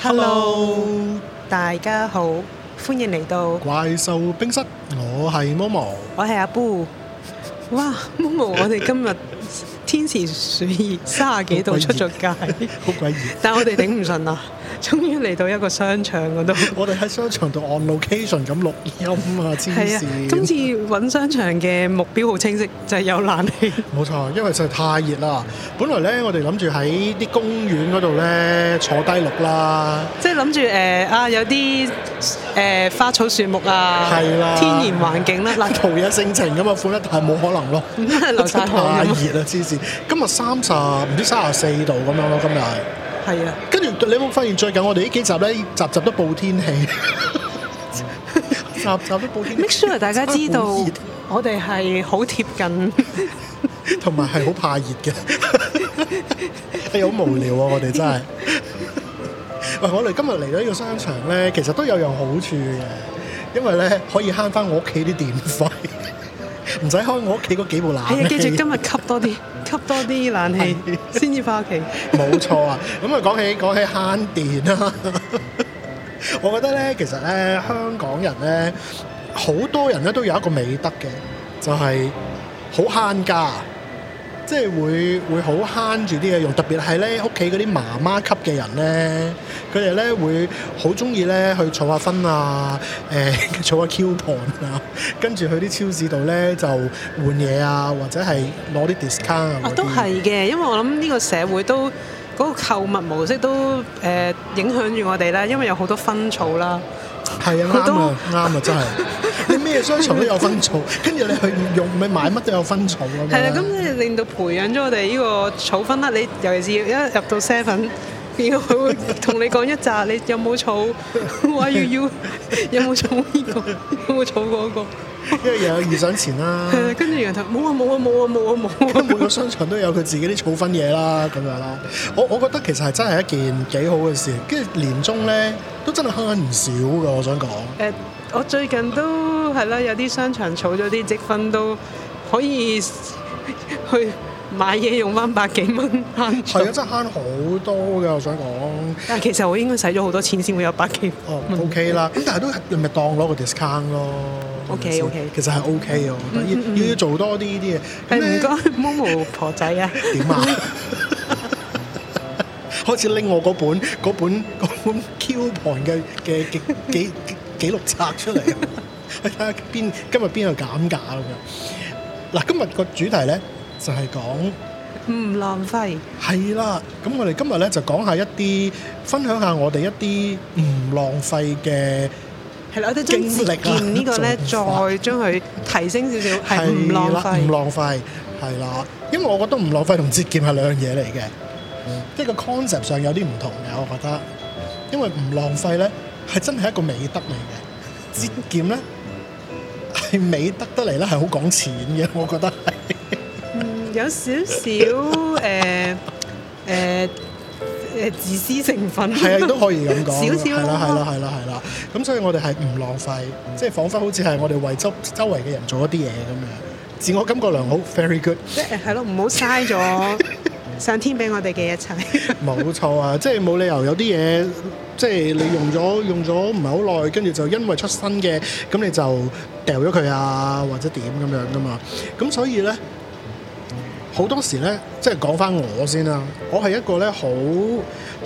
Hello, Hello，大家好，歡迎嚟到怪獸冰室。我係 Momo 我係阿 Bo。哇，Mo mo 我哋今日天,天時暑熱， 三十幾度出咗街，好鬼熱，但我哋頂唔順啊。 終於嚟到一個商場嗰度。 我哋喺商場度 on location 咁錄音啊，黐線、啊。今次揾商場嘅目標好清晰，就係、是、有冷氣。冇 錯，因為實在太熱啦。本來咧，我哋諗住喺啲公園嗰度咧坐低錄啦。即係諗住誒啊，有啲誒、呃、花草樹木啊，啊天然環境啦、啊。嗱，陶冶性情啊嘛，苦但係冇可能咯。太熱啦，黐線今日三十唔知三十四度咁樣咯，今日。係啊，跟住你有冇發現最近我哋呢幾集咧，集集都報天氣，集 集都報天氣，make sure 大家知道我哋係好貼近，同埋係好怕熱嘅，係 好無聊啊！我哋真係，喂， 我哋今日嚟到呢個商場咧，其實都有樣好處嘅，因為咧可以慳翻我屋企啲電費，唔使開我屋企嗰幾部冷氣，係啊，記住今日吸多啲，吸多啲冷氣。翻屋企，冇錯啊！咁啊，講起講起慳電啦，我覺得咧，其實咧，香港人咧，好多人咧，都有一個美德嘅，就係好慳家。即係會會好慳住啲嘢用，特別係咧屋企嗰啲媽媽級嘅人咧，佢哋咧會好中意咧去儲下分啊，誒、欸、儲下 coupon 啊，跟住去啲超市度咧就換嘢啊，或者係攞啲 discount 啊，嗰啲啊。都係嘅，因為我諗呢個社會都嗰、那個購物模式都誒、呃、影響住我哋啦，因為有好多分儲啦。係 啊，啱啊，啱啊， 真係你咩商場都有分儲，跟住你去用咪買乜都有分儲咁樣。係 啊，咁你令到培養咗我哋呢個儲分啦。你尤其是一入到 Seven，然後佢會同你講一扎，你有冇儲我要要有冇儲呢個？有冇儲嗰個？ 因為又有預想錢啦，跟住然後就冇啊冇啊冇啊冇啊冇啊，沒啊沒啊沒啊沒啊 每個商場都有佢自己啲儲分嘢啦，咁樣啦。我我覺得其實係真係一件幾好嘅事，跟住年終咧都真係慳唔少㗎。我想講，誒，uh，我最近都係啦，有啲商場儲咗啲積分都可以去。 買嘢用翻百幾蚊，慳咗係啊！真係慳好多㗎，我想講。但係其實我應該使咗好多錢先會有百幾哦。O K 啦，咁、okay、但係都你咪當攞個 discount 咯。O K O K，其實係 O K 我覺得要、嗯、要做多啲呢啲嘢。係唔該，Momo 婆仔啊，點啊？ 開始拎我嗰本、嗰本、嗰本 coupon 嘅嘅記記記錄冊出嚟，去 睇今日邊度減價咁樣。嗱、那個，今日個主題咧。就係講唔浪費，係啦。咁我哋今日咧就講下一啲，分享下我哋一啲唔浪費嘅，係啦，我哋節儉呢個咧，再將佢提升少少，係唔浪費，唔浪費，係啦。因為我覺得唔浪費同節儉係兩樣嘢嚟嘅，即、嗯、係、這個 concept 上有啲唔同嘅，我覺得。因為唔浪費咧，係真係一個美德嚟嘅；節儉咧，係美德得嚟咧，係好講錢嘅，我覺得係。嗯有少少誒誒誒自私成分，係啊，都可以咁講，少少係啦，係啦，係啦，係啦。咁所以我哋係唔浪費，即係彷彿好似係我哋為周周圍嘅人做一啲嘢咁樣，自我感覺良好，very good，即係係咯，唔好嘥咗上天俾我哋嘅一切。冇 錯啊，即係冇理由有啲嘢，即係你用咗 用咗唔係好耐，跟住就因為出新嘅，咁你就掉咗佢啊，或者點咁樣噶嘛。咁所以咧。好多時咧，即係講翻我先啦。我係一個咧，好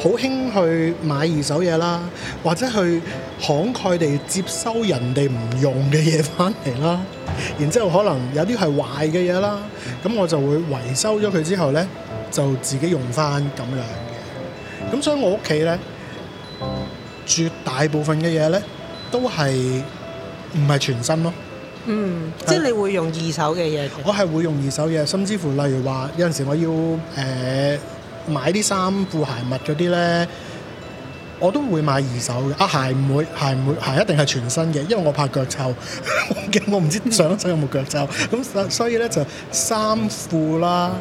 好興去買二手嘢啦，或者去慷慨地接收人哋唔用嘅嘢翻嚟啦。然之後可能有啲係壞嘅嘢啦，咁我就會維修咗佢之後呢，就自己用翻咁樣嘅。咁所以我屋企呢，絕大部分嘅嘢呢，都係唔係全新咯。嗯，即係你會用二手嘅嘢？我係會用二手嘢，甚至乎例如話有陣時我要誒、呃、買啲衫褲鞋襪嗰啲呢，我都會買二手嘅。啊，鞋唔會，鞋唔會，鞋一定係全新嘅，因為我怕腳臭。 我唔知上手有冇腳臭。咁所以呢，就衫褲啦，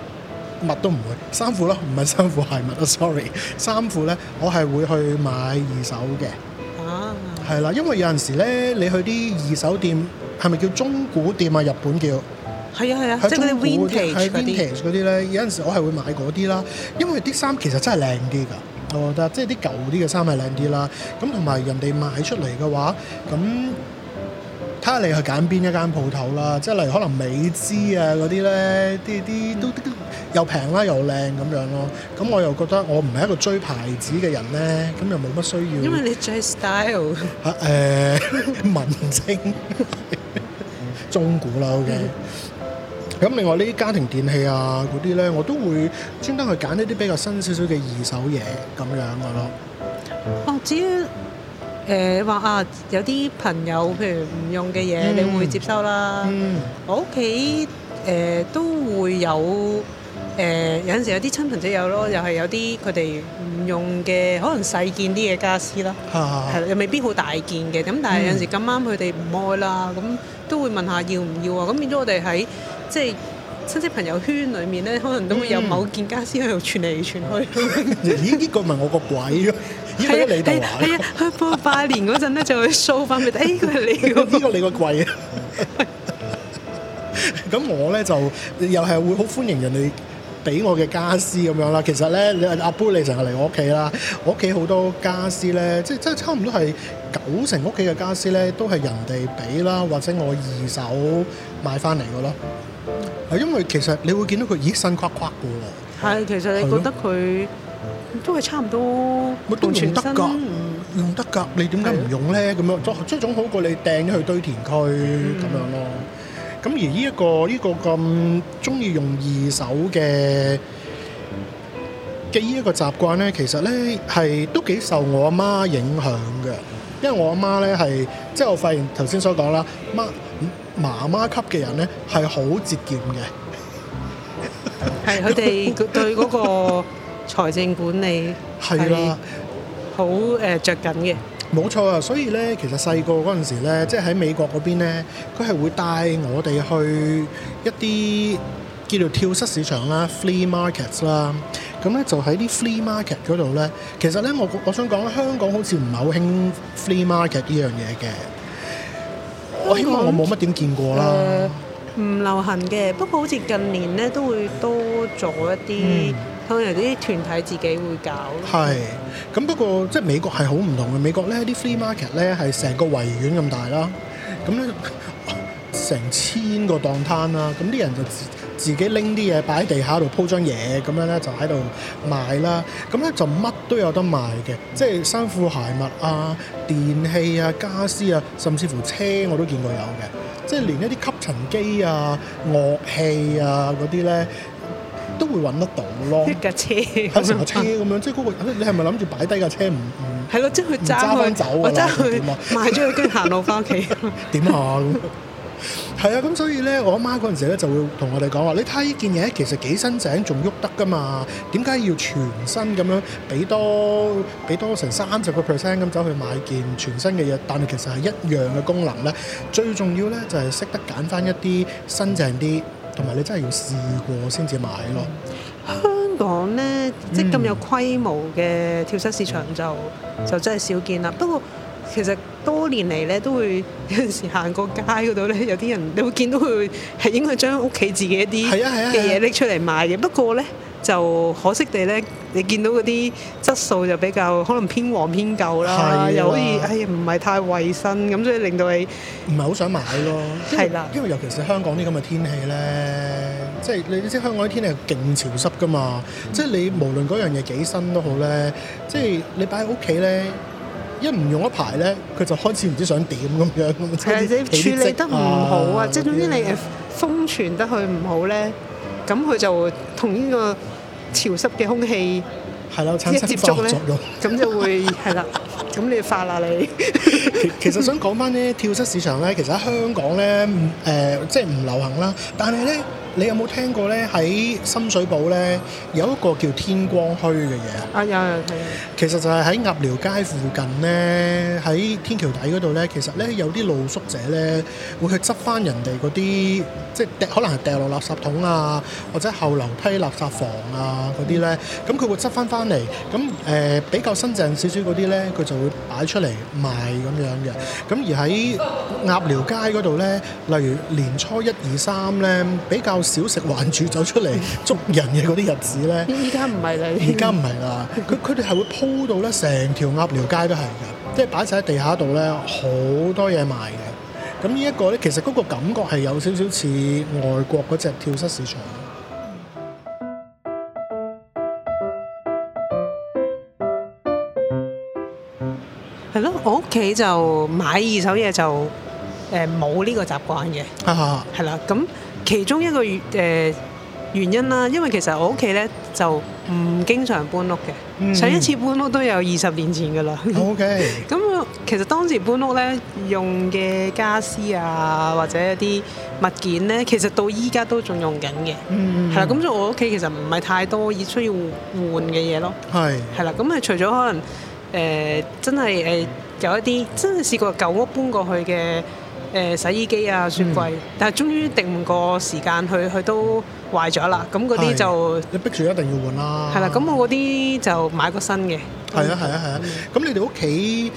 襪都唔會。衫褲啦，唔係衫褲鞋襪啊，sorry。衫褲呢，我係會去買二手嘅。啊，係啦，因為有陣時呢，你去啲二手店。係咪叫中古店啊？日本叫。係啊，係啊，即係嗰啲 vintage 嗰啲咧。有陣時我係會買嗰啲啦，因為啲衫其實真係靚啲㗎。我覺得即係啲舊啲嘅衫係靚啲啦。咁同埋人哋買出嚟嘅話，咁睇下你去揀邊一間鋪頭啦。即係例如可能美姿啊嗰啲咧，啲啲都，都又平啦又靚咁樣咯。咁我又覺得我唔係一個追牌子嘅人咧，咁又冇乜需要。因為你最 style 啊、呃、文青。 中古啦，OK。咁 另外呢啲家庭電器啊嗰啲咧，我都會專登去揀呢啲比較新少少嘅二手嘢咁樣嘅、啊、咯。哦、啊，至於誒話、呃、啊，有啲朋友譬如唔用嘅嘢、嗯，你會接收啦。我屋企誒都會有誒、呃，有陣時有啲親朋戚友咯，嗯、又係有啲佢哋。用嘅可能細件啲嘅家私啦，係啦，又未必好大件嘅。咁但係有陣時咁啱佢哋唔愛啦，咁都會問下要唔要啊。咁變咗我哋喺即係親戚朋友圈裏面咧，可能都會有某件家私喺度傳嚟傳去。咦？呢個唔係我個櫃咯，呢個你個。係啊，係啊，去拜年嗰陣咧就去掃翻佢，誒，佢係你個。呢個你個櫃啊。咁我咧就又係會好歡迎人哋俾我嘅家私咁樣啦，其實咧，你阿阿 Boo 你成日嚟我屋企啦，我屋企好多家私咧，即即差唔多係九成屋企嘅家私咧，都係人哋俾啦，或者我二手買翻嚟嘅咯。係因為其實你會見到佢熱身垮垮嘅喎。係，其實你覺得佢都係差唔多。都用得㗎，用得㗎，你點解唔用咧？咁樣即總好過你掟咗去堆填區咁、嗯、樣咯。咁而呢、呢、一個呢、呢個咁中意用二手嘅嘅依一個習慣呢，其實呢係都幾受我阿媽的影響嘅。因為我阿媽呢係即係我發現頭先所講啦，媽媽媽級嘅人呢係好節儉嘅，係佢哋對嗰個財政管理係好誒著緊嘅。冇錯啊，所以咧，其實細個嗰陣時咧，即喺美國嗰邊咧，佢係會帶我哋去一啲叫做跳蚤市場啦 flea markets 啦。咁咧就喺啲 flea market 嗰度咧，其實咧我我想講香港好似唔係好興 flea market 呢樣嘢嘅。我希望我冇乜點見過啦，唔、嗯呃、流行嘅。不過好似近年咧都會多咗一啲。嗯通常啲團體自己會搞。係，咁不過即係美國係好唔同嘅。美國呢啲 flea market 呢，係成個維園咁大啦，咁呢、哦、成千個檔攤啦，咁啲人就自，自己拎啲嘢擺喺地下度鋪張嘢，咁樣呢就喺度賣啦。咁呢就乜都有得賣嘅，即係衫褲鞋襪啊、電器啊、家私啊，甚至乎車我都見過有嘅，即係連一啲吸塵機啊、樂器啊嗰啲呢。都會揾得到咯，架車，有成架車咁樣， 即係嗰個，你係咪諗住擺低架車唔？係咯，即係佢揸翻走，我揸去賣咗佢跟住行路翻屋企。點啊？係啊，咁所以咧，我阿媽嗰陣時咧就會同我哋講話：你睇呢件嘢其實幾新淨，仲喐得噶嘛？點解要全新咁樣俾多俾多成三十個 percent 咁走去買件全新嘅嘢？但係其實係一樣嘅功能咧，最重要咧就係識得揀翻一啲新淨啲。同埋你真係要試過先至買咯。香港呢，嗯、即係咁有規模嘅跳蚤市場就、嗯、就真係少見啦。不過其實多年嚟呢，都會有陣時行過街嗰度呢，有啲人你會見到佢係應該將屋企自己啲嘅嘢拎出嚟賣嘅。不過呢。就可惜地咧，你見到嗰啲質素就比較可能偏黃偏舊啦，係，又可以哎呀唔係太衛生，咁所以令到你唔係好想買咯。係啦，因為尤其是香港啲咁嘅天氣咧，即係你知香港啲天氣係勁潮濕㗎嘛，即係，嗯，你無論嗰樣嘢幾新都好咧，即係你擺喺屋企咧，一唔用一排咧，佢就開始唔知想點咁樣，但係你處理得唔好啊，即係總之你封存得佢唔好咧，咁佢就同呢個。潮濕嘅空氣，一接觸咧，咁 就會係啦，咁 你發啦你 其。其實想講返呢跳蚤市場咧，其實喺香港咧，誒、呃，即係唔流行啦，但係咧。你有冇聽過咧？喺深水埗咧有一個叫天光墟嘅嘢啊！啊有有有。其實就係喺鴨寮街附近咧，喺天橋底嗰度咧，其實咧有啲露宿者咧會去執翻人哋嗰啲，即係掉可能係掉落垃圾桶啊，或者後樓梯垃圾房啊嗰啲咧，咁佢會執翻翻嚟。咁誒比較新淨少少嗰啲咧，佢就會擺出嚟賣咁樣嘅。咁而喺鴨寮街嗰度咧，例如年初一二三咧比較少食環署走出嚟捉人嘅嗰啲日子咧，依家唔係啦，依家唔係啦，佢佢哋係會鋪到咧，成條鴨寮街都係嘅，即係擺曬喺地下度咧，好多嘢賣嘅。咁呢一個咧，其實嗰個感覺係有少少似外國嗰隻跳蚤市場。係咯，我屋企就買二手嘢就誒冇呢個習慣嘅，係啦，咁。其中一個誒、呃、原因啦，因為其實我屋企咧就唔經常搬屋嘅、嗯，上一次搬屋都有二十年前㗎啦。O K，咁其實當時搬屋咧用嘅家私啊，或者一啲物件咧，其實到依家都仲用緊嘅。嗯，係啦，咁所以我屋企其實唔係太多要需要換嘅嘢咯。係，係啦，咁係除咗可能誒、呃、真係誒、呃、有一啲真係試過舊屋搬過去嘅。誒、洗衣機啊，雪櫃，嗯、但係終於定唔個時間去，佢都壞咗啦。咁嗰啲就你逼住一定要換啦。係啦，咁我嗰啲就買個新嘅。係、嗯、啊，係啊，係啊。咁、嗯、你哋屋企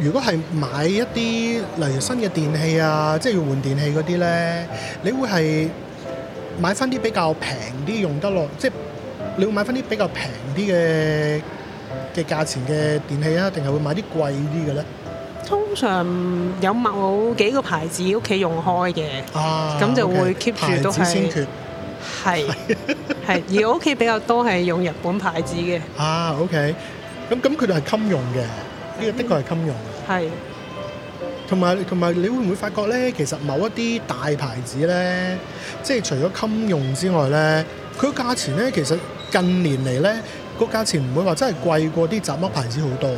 如果係買一啲例如新嘅電器啊，即係要換電器嗰啲咧，你會係買翻啲比較平啲用得落，即係你會買翻啲比較平啲嘅嘅價錢嘅電器啊，定係會買啲貴啲嘅咧？通常有某幾個牌子屋企用開嘅？啊，咁就會 keep 住都係。牌子先缺，係係。 而屋企比較多係用日本牌子嘅。啊，OK。咁咁佢哋係襟用嘅，呢、嗯呢個的確係襟用。係。同埋同埋，你會唔會發覺咧？其實某一啲大牌子咧，即係除咗襟用之外咧，佢個價錢咧，其實近年嚟咧，個價錢唔會話真係貴過啲雜乜牌子好多。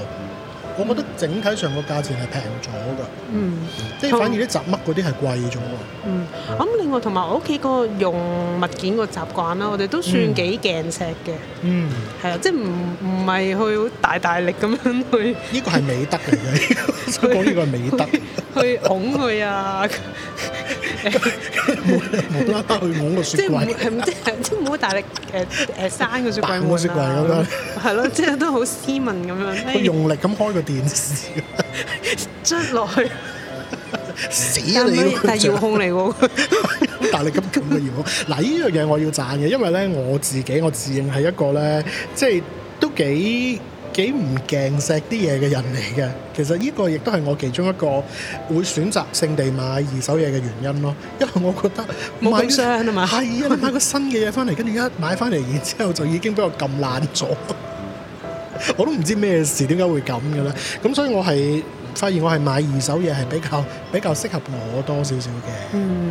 我覺得整體上個價錢係平咗㗎，嗯，即係反而啲雜物嗰啲係貴咗。嗯，咁、嗯嗯、另外同埋我屋企個用物件個習慣啦，我哋都算幾鏡石嘅。嗯，係啊，即係唔唔係去大大力咁樣去。呢、呢個係美德嚟嘅 所以講呢個係美德。 去拱佢啊！唔得， 去拱個雪櫃，即係唔即係即係唔好大力誒誒，閂、呃、 個雪櫃啊！係咯，即 係、就是、都好斯文咁樣。佢、哎、用力咁開個電視，捽 落下去 死人嚟，但係遙控嚟喎 大力咁撳個遙控，嗱呢樣嘢我要讚嘅，因為咧我自己我自認係一個咧，即係都幾。幾唔勁錫啲嘢嘅人嚟嘅，其實呢個亦都係我其中一個會選擇性地買二手嘢嘅原因咯。因為我覺得冇咁傷啊嘛，係啊，買個新嘅嘢翻嚟，跟住一買翻嚟，然之後就已經俾我撳爛咗。我都唔知咩事，點解會咁嘅咧？咁所以我係發現我係買二手嘢係比較比較適合我多少少嘅。嗯，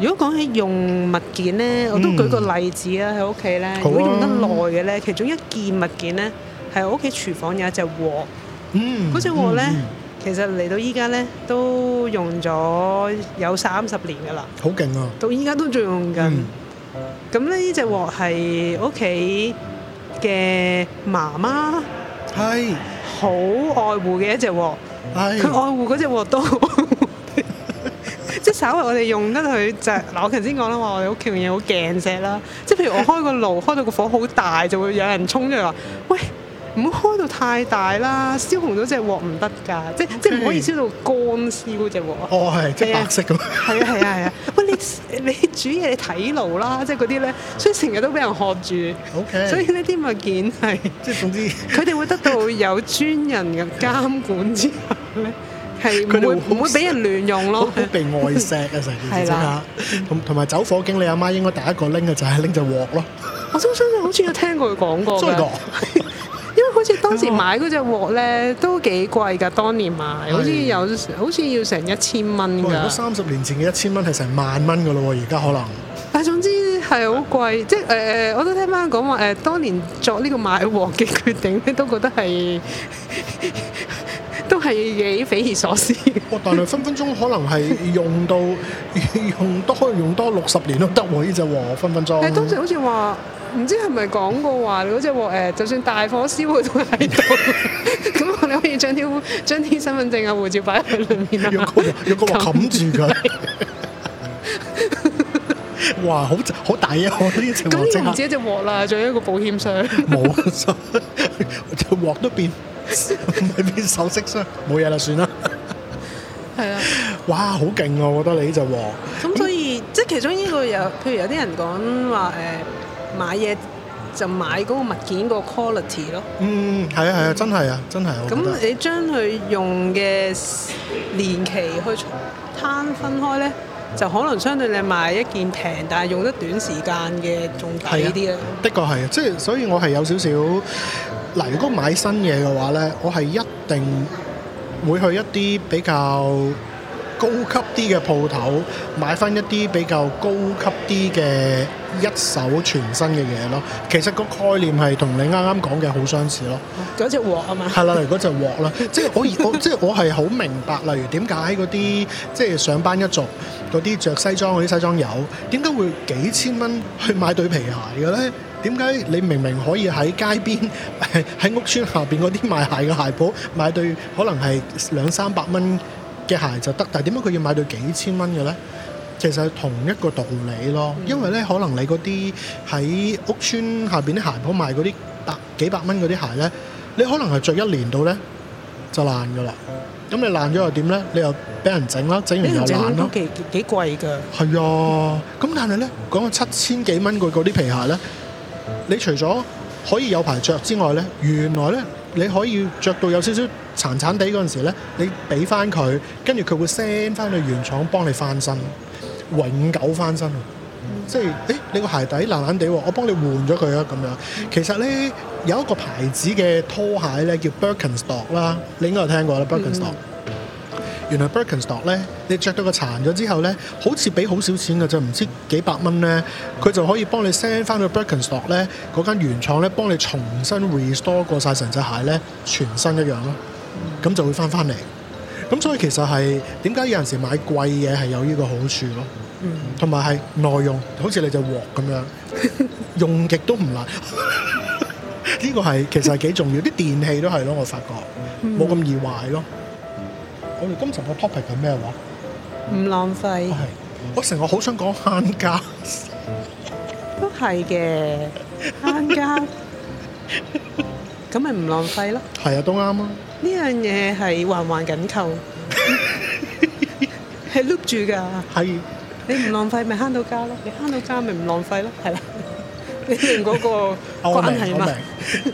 如果講起用物件咧，我都舉個例子啊，喺屋企咧，如果用得耐嘅咧，其中一件物件咧。係我屋企廚房有一隻鑊，嗯，嗰隻鑊咧、嗯，其實嚟到依家咧都用咗有三十年噶啦，好勁啊！到依、嗯、家都仲用緊。咁咧呢隻鑊係屋企嘅媽媽，係好愛護嘅一隻鑊，佢愛護嗰隻鑊都，即係 稍為我哋用得佢 就嗱，我頭先講啦嘛，我哋屋企嘅嘢好頑石啦。即係譬如我開個爐，開到個火好大，就會有人衝出嚟話，喂！唔好開到太大啦，燒紅咗隻鑊唔得㗎，即即唔可以燒到乾燒隻鑊。哦，係、欸、即係白色咁。係啊係啊係啊！ 喂，你你煮嘢睇爐啦，即係嗰啲咧，所以成日都俾人喝住。O K。所以呢啲物件係即係總之，佢哋會得到有專人嘅監管之後咧，係佢唔會俾 人亂用咯， 好易被外錫啊！成件事同同埋走火警，你阿媽，媽應該第一個拎嘅就係拎隻鑊咯。 我都相信好似有聽過佢講過的。 好似當時買嗰隻鑊咧，都幾貴㗎。當年買，好似有，好似要成一千蚊，如果三十年前嘅一千蚊係成萬蚊㗎咯，而家可能。但總之係好貴，即係誒我都聽翻講話誒，當年作呢個買鑊嘅決定咧，都覺得係。都係幾匪夷所思。哇、哦！但係分分鐘可能係用到 用多用多六十年都得喎，呢隻鑊，分分鐘。但係當時好似話，唔知係咪講過話嗰隻鑊誒，就算大火燒佢都喺度。咁我哋可以將啲將啲身份證啊，護照擺喺裏面用個用個鑊冚住佢。 哇！好好大啊！呢隻鑊。咁你唔止一隻鑊啦，仲有一個保險箱。冇啊！就 鑊都變。唔 係 變首飾商，冇嘢啦，算啦。係 啊，哇，好勁啊！我覺得你呢就黃。咁所以，嗯、即係其中呢個有， 譬如有啲人講話，誒、呃，買嘢就買嗰個物件個 quality 咯。嗯，係啊，係啊，真係啊，真係。咁、嗯、你將佢用嘅年期去攤分開咧，就可能相對你買一件平，但係用得短時間嘅仲貴啲啊。的確係，即係，所以我係有少少。嗱，如果買新嘢嘅話咧，我係一定會去一啲比較。高級啲嘅鋪頭，買翻一啲比較高級啲嘅一手全新嘅嘢咯。其實個概念係同你啱啱講嘅好相似咯。嗰隻鑊啊嘛，係啦，例如嗰隻鑊啦，即係 我我即係、就是、我係好明白，例如點解嗰啲即係上班一族嗰啲着西裝嗰啲西裝友，點解會幾千蚊去買對皮鞋嘅咧？點解你明明可以喺街邊喺屋村下邊嗰啲賣鞋嘅鞋鋪買對，可能係兩三百蚊？嘅鞋就得，但係點解佢要買到幾千蚊嘅呢？其實係同一個道理咯，因為呢可能你嗰啲喺屋村下邊啲鞋鋪賣嗰啲百幾百蚊嗰啲鞋呢，你可能係著一年到呢就爛噶啦。咁你爛咗又點呢？你又俾人整啦，整完又爛咯。幾幾貴噶？係啊，咁但係呢講到七千幾蚊佢嗰啲皮鞋呢，你除咗可以有排著之外呢，原來呢你可以著到有少少。殘殘地嗰陣時咧，你俾翻佢，跟住佢會 send 翻去原廠幫你翻身，永久翻身。嗯、即係，誒，你個鞋底爛爛地喎，我幫你換咗佢啊！咁樣，其實咧有一個牌子嘅拖鞋咧，叫 Birkenstock 啦，你應該有聽過啦、嗯、，Birkenstock。原來 Birkenstock 咧，你着到個殘咗之後咧，好似俾好少錢嘅就唔知幾百蚊咧，佢就可以幫你 send 翻去 Birkenstock 咧，嗰間原廠咧幫你重新 restore 過晒成隻鞋咧，全新一樣咯。咁就會翻翻嚟，咁所以其實係點解有陣時買貴嘢係有呢個好處咯，同埋係耐用，好似你隻鑊咁樣 用極都唔爛，呢 個係其實係幾重要的，啲 電器都係咯，我發覺冇咁、嗯、易壞咯。我、嗯、哋今集嘅 topic 係咩話？唔浪費。哦、我成日好想講慳家，都係嘅慳家。 Hangas 咁咪唔浪費咯，係啊，都啱啊！呢樣嘢係環環緊扣，係 look 住㗎。係，你唔浪費咪慳到家咯？你慳到家咪唔浪費咯？係啦，你哋嗰個關係嘛。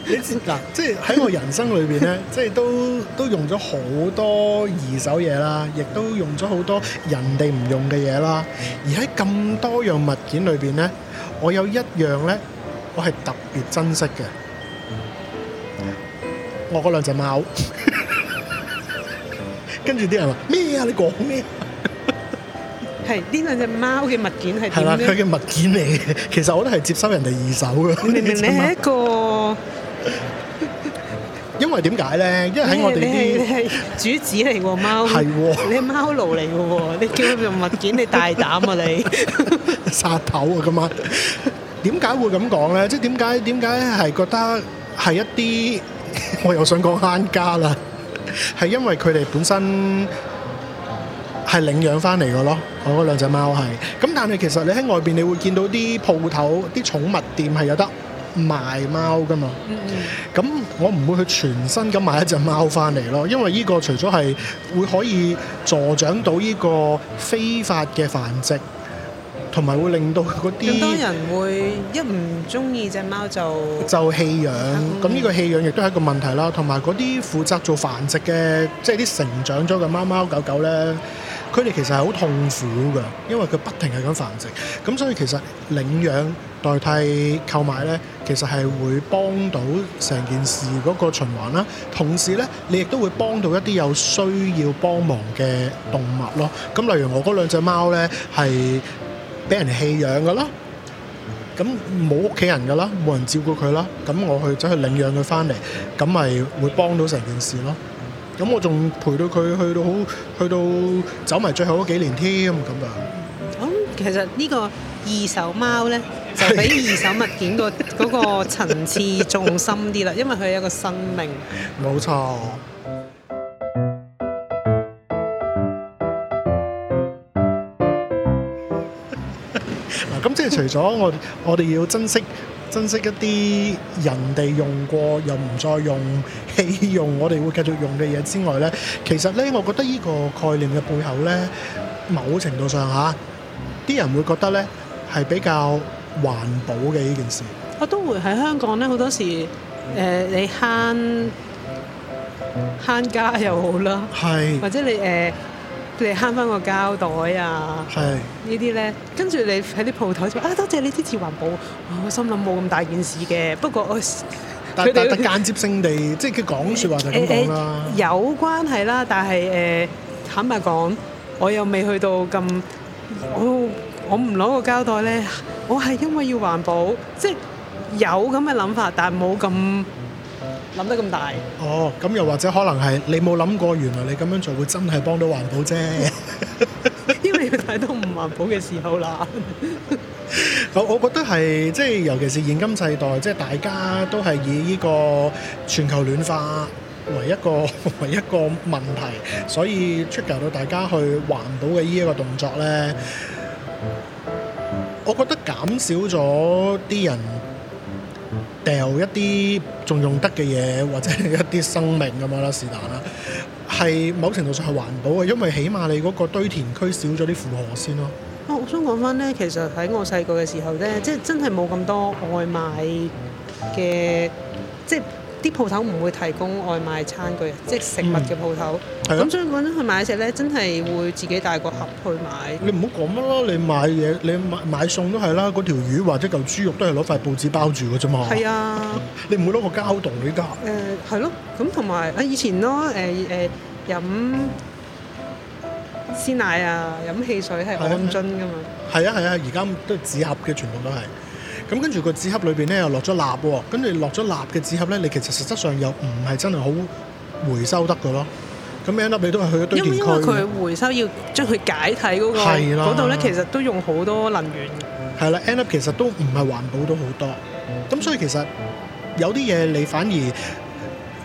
你知嗱，即係喺我人生裏邊咧，即係都都用咗好多二手嘢啦，亦都用咗好多人哋唔用嘅嘢啦。而喺咁多樣物件裏邊咧，我有一樣咧，我係特別珍惜嘅。嗯我嗰兩隻貓，跟住啲人話咩啊？你講咩？係呢兩隻貓嘅物件嚟嘅？係啦，佢嘅物件嚟嘅。其實我都係接收人哋二手嘅。明明你係一個，因為點解咧？因為喺我哋啲係主子嚟喎，貓係喎，你係貓奴嚟嘅喎，你叫佢做物件，你大膽啊你！殺頭啊咁啊！點解會咁講咧？即係點解？點解係覺得係一啲？ 我又想講慳家啦，係因為佢哋本身係領養翻嚟嘅咯，我嗰兩隻貓係。咁但係其實你喺外邊，你會見到啲鋪頭、啲寵物店係有得賣貓㗎嘛。咁我唔會去全新咁買一隻貓翻嚟咯，因為呢個除咗係會可以助長到呢個非法嘅繁殖。同埋會令到啲更多人會一唔中意隻貓就就棄養。咁呢個棄養亦都係一個問題啦。同埋嗰啲負責做繁殖嘅，即係啲成長咗嘅貓貓狗狗呢，佢哋其實係好痛苦㗎，因為佢不停係咁繁殖。咁所以其實領養代替購買呢，其實係會幫到成件事嗰個循環啦。同時呢，你亦都會幫到一啲有需要幫忙嘅動物咯。咁例如我嗰兩隻貓呢，係。俾人棄養㗎啦，咁冇屋企人㗎啦，冇人照顧佢啦，咁我去走去領養佢翻嚟，咁咪會幫到成件事咯。咁我仲陪到佢去到好，去到走埋最後嗰幾年添咁樣。咁其實呢個二手貓呢，就比二手物件個嗰個層次重深啲啦，因為佢係一個生命。冇錯。咁 即係除咗我我哋要珍惜珍惜一啲人哋用過又唔再用棄用，我哋會繼續用嘅嘢之外呢，其實呢，我覺得呢個概念嘅背後呢，某程度上嚇，啲、啊、人會覺得呢係比較環保嘅呢件事。我都會喺香港呢，好多時候，呃、你慳慳家又好啦，係，或者你誒。呃你慳翻個膠袋啊？係呢啲咧，跟住你喺啲鋪頭就啊，多謝你支持環保。我心諗冇咁大件事嘅，不過我佢哋間接性地，即係佢講説話就咁講、呃呃、有關係啦，但係誒、呃，坦白講，我又未去到咁，我我唔攞個膠袋咧，我係因為要環保，即係有咁嘅諗法，但係冇咁。諗得咁大哦，咁又或者可能係你冇諗過，原來你咁樣做會真係幫到環保啫，因為要睇到唔環保嘅時候啦。我我覺得係即係，尤其是現今世代，即係大家都係以呢個全球暖化為一個為一個問題，所以 trigger 到大家去環保嘅呢一個動作呢，我覺得減少咗啲人。由一啲仲用得嘅嘢，或者係一啲生命咁樣啦，是但啦，係某程度上係環保嘅，因為起碼你嗰個堆填區少咗啲負荷先咯。我想講翻呢，其實喺我細個嘅時候呢，即係真係冇咁多外賣嘅，即係。啲鋪頭唔會提供外賣餐具，即係食物嘅鋪頭。咁、嗯啊、所以講去買嘢食咧，真係會自己帶個盒去買。你唔好講乜啦！你買嘢，你買買餸都係啦，嗰條魚或者嚿豬肉都係攞塊報紙包住嘅啫嘛。係啊， 你唔會攞個膠袋㗎、啊。誒係咯，咁同埋啊以前咯誒誒、呃呃、飲鮮奶啊飲汽水係保溫樽㗎嘛。係啊係啊而家、啊、都係紙盒嘅全部都係。咁跟住個紙盒裏邊咧又落咗蠟喎，跟住落咗蠟嘅紙盒咧，你其實實質上又唔係真係好回收得㗎咯。咁 end up 你都係去咗堆填區。因為佢回收要將佢解體嗰個嗰度咧，其實都用好多能源。係啦，end up 其實都唔係環保到好多。咁所以其實有啲嘢你反而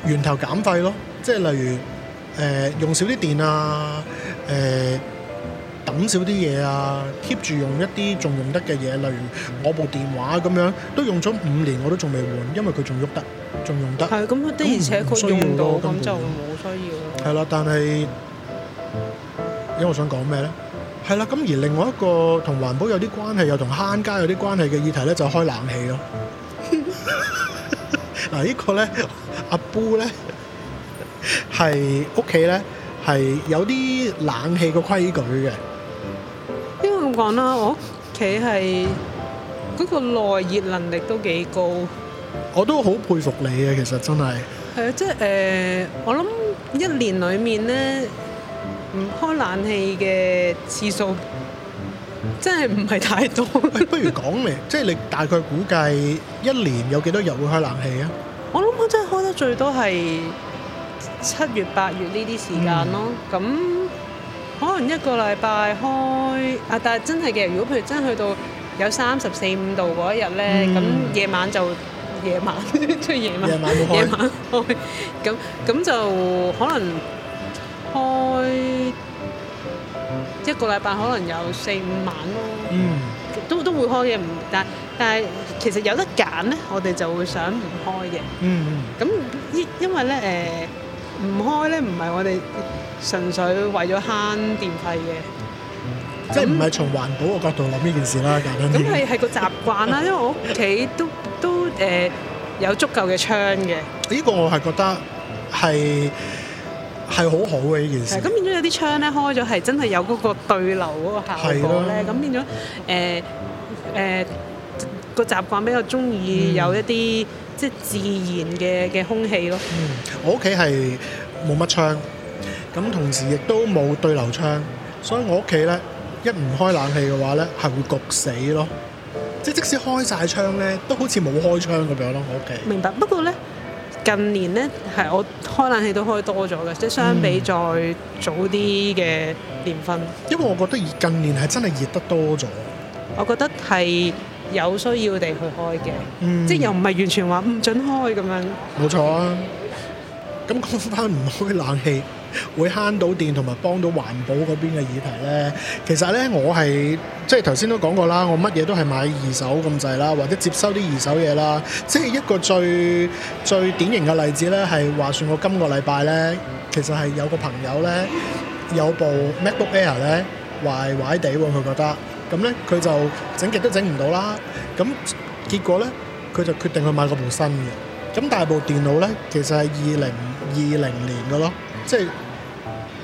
源頭減廢咯，即係例如誒用少啲電啊誒。少啲嘢啊，keep 住用一啲仲用得嘅嘢，例如我部電話咁樣，都用咗五年我都仲未換，因為佢仲喐得，仲用得。係咁，的而且確用到咁就冇需要咯。係啦，但係因為我想講咩咧？係啦，咁而另外一個同環保有啲關係，又同慳家有啲關係嘅議題咧，就開冷氣咯。嗱， 呢個咧，阿 Boo 咧係屋企咧係有啲冷氣嘅規矩嘅。講啦，我屋企係嗰個耐熱能力都幾高。我都好佩服你啊，其實真係。係 啊、呃，即係誒，我諗一年裏面咧，唔開冷氣嘅次數真係唔係太多。 不如講嚟，即係你大概估計一年有幾多日會開冷氣啊？ 我諗我真係開得最多係七月、八月呢啲時間咯。咁、嗯。可能一個禮拜開啊，但係真係嘅，如果譬如真係去到有三十四五度嗰一日咧，咁夜晚就夜晚即係夜晚夜晚開，咁咁就可能開一個禮拜可能有四五晚咯，都都會開嘅，唔但係但係其實有得揀咧，我哋就會想唔開嘅，咁因因為咧誒。唔開咧，唔係我哋純粹為咗慳電費嘅，即係唔係從環保個角度諗呢件事啦，簡單啲。咁係係個習慣啦，因為我屋企都都誒、呃、有足夠嘅窗嘅。呢、呢個我係覺得係係好好嘅呢件事。咁變咗有啲窗咧開咗，係真係有嗰個對流嗰個效果咧。咁變咗誒誒個習慣比較中意有一啲。嗯即自然嘅嘅空氣咯。嗯，我屋企係冇乜窗，咁同時亦都冇對流窗，所以我屋企咧一唔開冷氣嘅話咧係會焗死咯。即即使開晒窗咧，都好似冇開窗咁樣咯。我屋企。明白。不過咧，近年咧係我開冷氣都開多咗嘅，即相比再早啲嘅年份，嗯。因為我覺得近年係真係熱得多咗。我覺得係。有需要地去開嘅，即係又唔係完全話唔準開咁樣。冇錯啊！咁講翻唔開冷氣會慳到電同埋幫到環保嗰邊嘅議題咧。其實咧，我係即係頭先都講過啦。我乜嘢都係買二手咁滯啦，或者接收啲二手嘢啦。即係一個最最典型嘅例子咧，係話算我今個禮拜咧，其實係有個朋友咧，有部 MacBook Air 咧壞壞地喎，佢覺得。咁咧佢就整極都整唔到啦，咁結果咧佢就決定去買嗰部新嘅，咁但係部電腦咧其實係二零二零年嘅咯，即係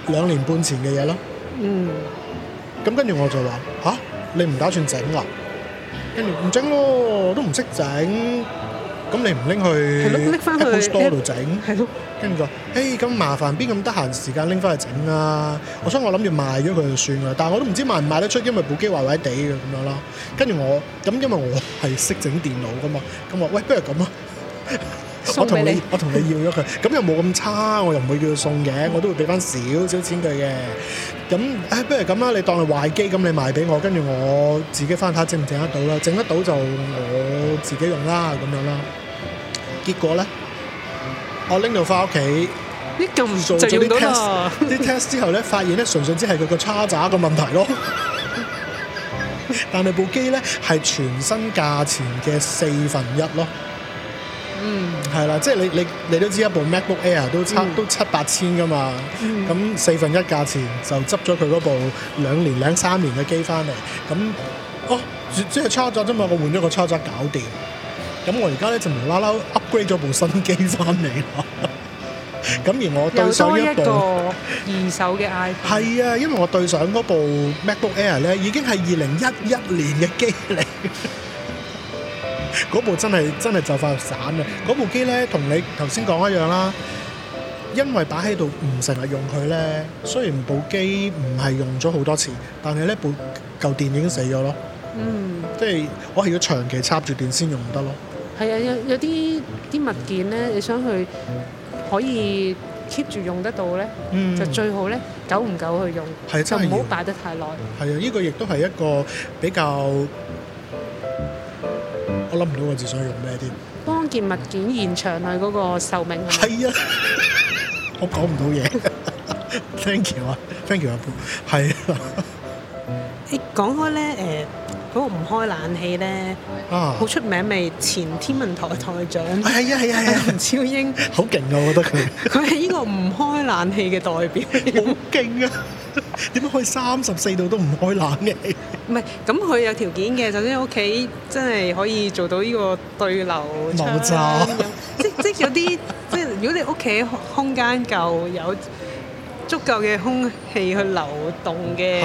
兩年半前嘅嘢咯。嗯。咁跟住我就話：嚇，你唔打算整啊？唔整咯，都唔識整。咁你唔拎去 Apple Store 度整？係咯。跟住佢話：誒，咁、哎、麻煩，邊咁得閒時間拎翻去整啊？所以我諗住賣咗佢就算啦。但係我都唔知賣唔賣得出，因為部機壞壞地嘅咁樣啦。跟住我，咁因為我係識整電腦噶嘛，咁我，喂，不如咁啊！我同你，我同你，你要咗佢，咁又冇咁差，我又唔會叫佢送嘅，我都會俾翻少少錢佢嘅。咁誒、哎，不如咁啦，你當係壞機咁，你賣俾我，跟住我自己翻睇整唔整得到啦？整得到就我自己用啦，咁樣啦。結果呢，我拎到翻屋企，做啲 test，啲 test 之後呢，發現呢純粹只係佢個叉爪嘅問題咯。 但係部機呢，係全新價錢嘅四分一咯。嗯、mm.，係、就、啦、是，即係你你你都知一部 MacBook Air 都差、mm. 都七八千噶嘛，咁、mm. 四分一價錢就執咗佢嗰部兩年兩三年嘅機翻嚟，咁哦即係差咗啫嘛，我換咗個差咗搞掂，咁我而家咧就無啦啦 upgrade 咗部新機翻嚟，咁 而我對上一部一二手嘅 iPad 係啊，因為我對上嗰部 MacBook Air 咧已經係二零一一年嘅機嚟。嗰部真係真係就快散啦！嗰部機呢，同你頭先講一樣啦。因為擺喺度唔成日用佢呢，雖然部機唔係用咗好多次，但係呢部舊電已經死咗咯。嗯，即係我係要長期插住電先用得咯。係啊，有有啲啲物件呢，你想去可以 keep 住用得到呢，嗯，就最好呢，久唔久去用，係啊，就唔好擺得太耐。係啊，呢個亦都係一個比較。我諗唔到個字，所以用咩添？幫件物件延長佢嗰個壽命啊！係啊，我講唔到嘢。 Thank you 啊，Thank you 阿係啊、哎。你講開咧，誒、呃，嗰、那個唔開冷氣咧，好、啊、出名咪前天文台台長，係啊係啊係啊，林、哎哎、超英，好勁啊！我覺得佢，佢係呢個唔開冷氣嘅代表，好勁啊！點解可以三十四度都唔開冷氣？唔係，咁佢有條件嘅。首先屋企真係可以做到呢個對流，即即有啲即如果你屋企空間夠，有足夠嘅空氣去流動嘅，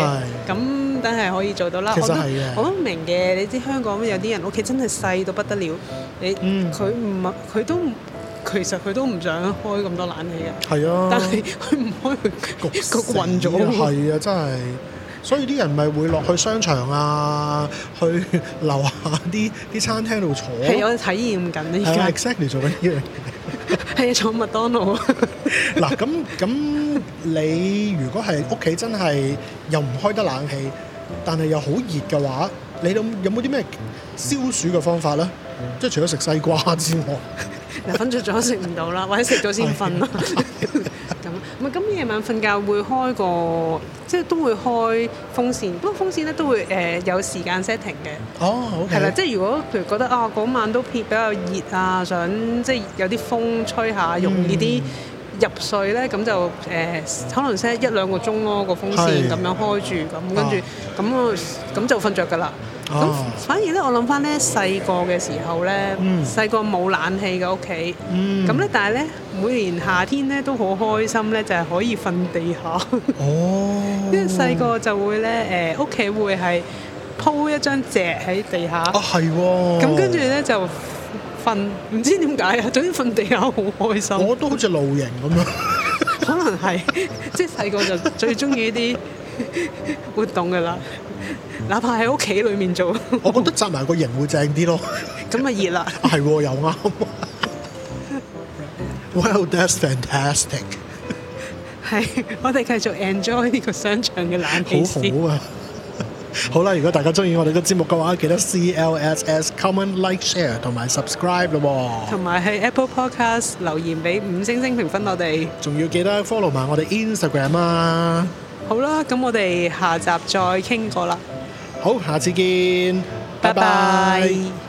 咁梗係可以做到啦。我都我都明嘅。你知香港有啲人屋企真係細到不得了，你佢唔佢都其實佢都唔想開咁多冷氣嘅。係啊，但係佢唔開，焗焗暈咗。係啊，真係。所以啲人咪會落去商場啊，去樓下啲啲餐廳度坐。係我體驗緊依家。係 exactly 做緊啲嘢。係坐麥當勞 嗱。嗱咁咁，你如果係屋企真係又唔開得冷氣，但係又好熱嘅話，你諗有冇啲咩消暑嘅方法咧？即係除咗食西瓜之外 ，嗱瞓着咗食唔到啦，或者食咗先瞓啦。咁夜晚瞓覺會開個，即係都會開風扇。不過風扇咧都會、呃、有時間 setting 嘅。哦，好，係啦，即係如果譬如覺得啊嗰晚都比較熱啊，想即係有啲風吹下，容易啲入睡咧，咁、嗯、就、呃、可能 set 一兩個鐘咯，個風扇咁樣開住，咁跟住咁咁就瞓着噶啦。咁、啊、反而咧，我諗翻咧細個嘅時候咧，細個冇冷氣嘅屋企，咁、嗯、咧，但係咧每年夏天咧都好開心咧，就係可以瞓地下。哦，因為細個就會咧，誒、呃，屋企會係鋪一張席喺地下。啊，係、哦。咁跟住咧就瞓，唔知點解啊，總之瞓地下好開心。我都好似露營咁樣， 可能係是 即係細個就最中意啲活動噶啦。哪怕喺屋企裏面做，我覺得紮埋個型會正啲咯。咁咪熱啦，係喎，又啱。Well that's fantastic。係，我哋繼續 enjoy 呢個商場嘅冷氣先。好好啊！好啦，如果大家中意我哋嘅節目嘅話，記得 CLSs comment like share 同埋 subscribe 咯。同埋喺 Apple Podcast 留言俾五星星評分我哋。仲要記得 follow 埋我哋 Instagram 啊！好啦，咁我哋下集再傾過啦。好，下次見，拜拜。拜拜。